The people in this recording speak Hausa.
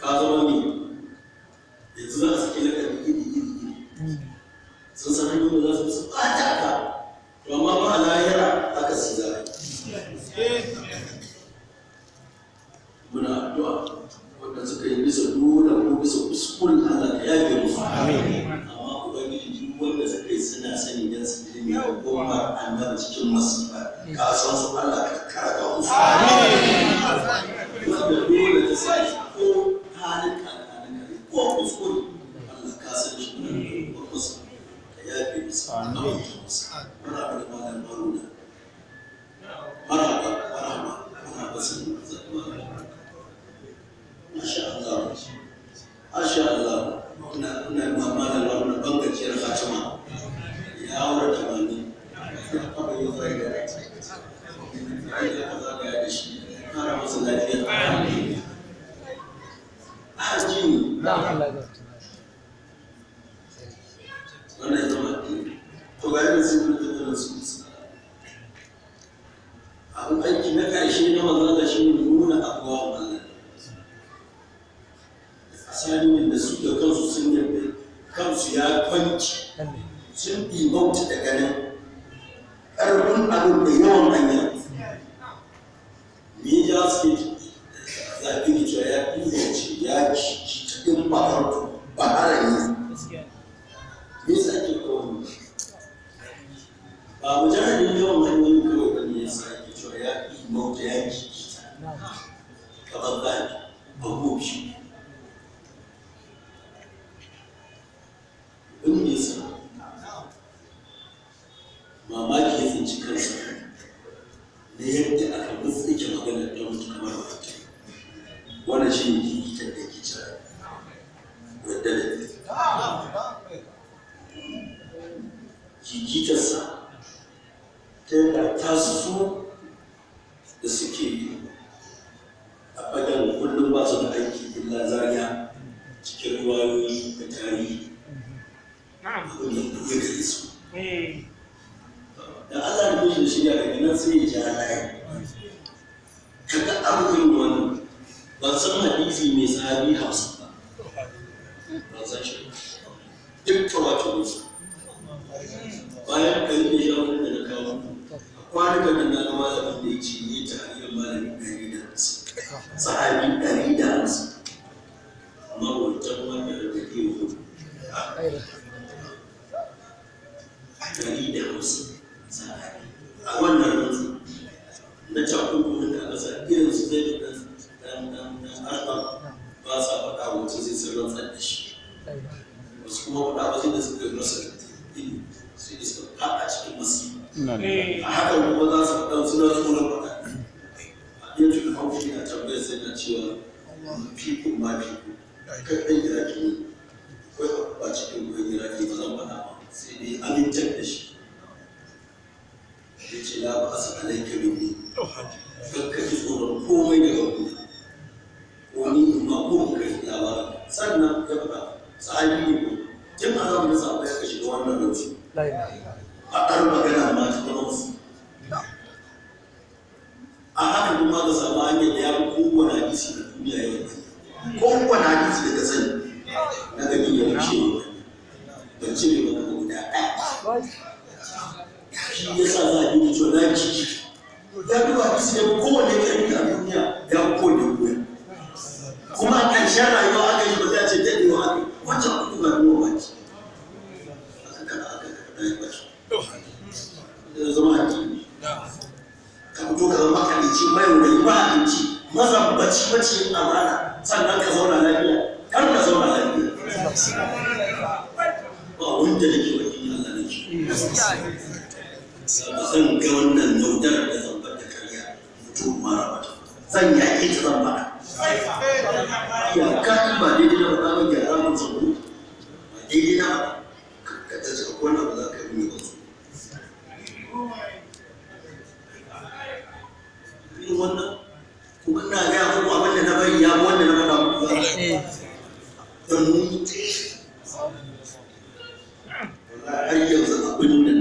ka zama ne yanzu za su sake lakabi gidi gidi gidi sun san hanyoyin da za su su ɓata ka to amma ba a lahira aka si za muna addu'a wanda suka yi bisa dole ko bisa kuskuren Allah ka yafe musu amma ubangiji duk wanda suka yi suna sani dan su ne mai goma annabi cikin masifa ka san su Allah ka karaka musu kula da shi kara masa lafiya wannan zama to ga sun su aiki na ƙarshe na manzana shi nuna abuwa wannan da su da kansu sun yadda kansu ya kwanci sun ɗimauta da nan ƙarfin abin da yawan ba mujahidin yawan hanyoyi kawai wani ya sa yake cewa ya fi mauta ya ki kita kamar gani babu shi wani ya sa mamaki ya tsinci kansa na yadda aka mutsike maganar don mutu kamar wata wannan shi ne kitar da ke cewa wadda da ke kitarsa ta yadda tasu da suke a fagen kullum ba su da aiki illa zariya cikin ruwayoyi da tarihi abin da ya gare su eh. da Allah da shi shirya daga nan sai ya ji halaya kaga abin wani ba san hadisi mai sahabi hausa ba ba san shi duk tawatur bayan kalmi ya wani da kwanukan nan na malamin da ya ce ya ta da malamin ɗari da hamsin sahabi ɗari da hamsin amma wancan wanda da ke yi ɗari da hamsin sahabi a wannan rantsu na cakukumin da aka sa irin su zai dan arba ba sa faɗa wancan zai sun rantsar da shi wasu kuma faɗa ba sai da suka yi rasa a eh, haka kuma suna tsoron faɗa ya ji da na tambayar sai cewa fiko ma fiko kan ɗan ne cikin ba sai dai amintar da shi ya ce na ba a sa ko ni in ma ko in sannan ya a sahabi ne ko jama'a za mu yi ka shiga wannan lokaci faɗar magana ma ta zama wasu a haka kuma ga samu hanyar ya fi kowane hadisi da duniya ya yi kowane hadisi da ka sani na gani ya wuce ne ban ce ne ba guda ɗaya shi ya sa za a yi mutu na jiki ya fi hadisi da kowane ƙarfi a duniya ya fi kowane wuya kuma a ƙarshen rayuwa aka yi ba za a ce daɗewa haka wancan kuɗi ba ruwa ba ce aka kada aka kada ya ɓace zai zama hakimi ka fito ka zama makalici mai wuri mahalici bacci, mace amana sannan ka zauna lafiya kar ka zauna lafiya ba wanda da ke wakil Allah na ke ba zan ga wannan yaudarar da zambar da karya mutum mara mata zan yaƙi ta zan ba? ya ka ba daidai na faɗa ba gyara mun zaune ba daidai na Allah gaya muku abin da na bari ya wanda na faɗa muku ba. yanzu abin da